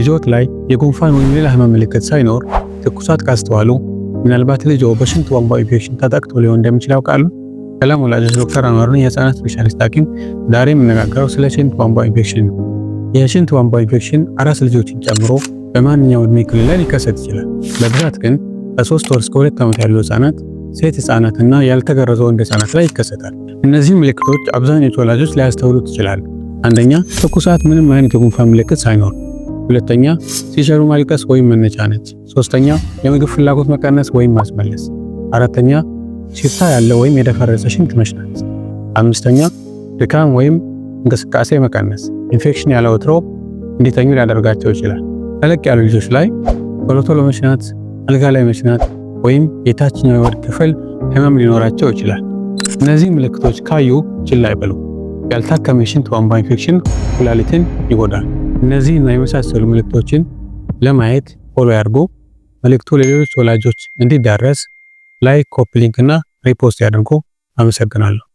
ልጆች ላይ የጉንፋን ወይም ሌላ ህመም ምልክት ሳይኖር ትኩሳት ካስተዋሉ ምናልባት ልጆ በሽንት ቧንቧ ኢንፌክሽን ተጠቅቶ ሊሆን እንደሚችል ያውቃሉ? ሰላም ወላጆች፣ ዶክተር አኗርን የህፃናት ስፔሻሊስት ሐኪም። ዛሬ የምነጋገረው ስለ ሽንት ቧንቧ ኢንፌክሽን ነው። የሽንት ቧንቧ ኢንፌክሽን አራስ ልጆችን ጨምሮ በማንኛውም እድሜ ክልል ላይ ሊከሰት ይችላል። በብዛት ግን ከሶስት ወር እስከ ሁለት ዓመት ያሉ ህፃናት፣ ሴት ህፃናትና ያልተገረዘ ወንድ ህፃናት ላይ ይከሰታል። እነዚህ ምልክቶች አብዛኞቹ ወላጆች ሊያስተውሉ ይችላሉ። አንደኛ ትኩሳት፣ ምንም አይነት የጉንፋን ምልክት ሳይኖር ሁለተኛ ሲሸሩ ማልቀስ ወይም መነጫነጭ፣ ሶስተኛ የምግብ ፍላጎት መቀነስ ወይም ማስመለስ፣ አራተኛ ሽታ ያለ ወይም የደፈረሰ ሽንት መሽናት፣ አምስተኛ ድካም ወይም እንቅስቃሴ መቀነስ። ኢንፌክሽን ያለ ወትሮ እንዲተኙ ሊያደርጋቸው ይችላል። ተለቅ ያሉ ልጆች ላይ ቶሎ ቶሎ መሽናት፣ አልጋ ላይ መሽናት ወይም የታችኛው የወድ ክፍል ህመም ሊኖራቸው ይችላል። እነዚህ ምልክቶች ካዩ ችላ አይበሉ። ያልታከመ የሽንት ቧንቧ ኢንፌክሽን ኩላሊትን ይጎዳል። እነዚህና የመሳሰሉ መልእክቶችን ለማየት ፎሎ ያድርጉ። መልእክቱ ለሌሎች ወላጆች እንዲዳረስ ላይክ፣ ኮፒ ሊንክ እና ሪፖስት ያድርጉ። አመሰግናለሁ።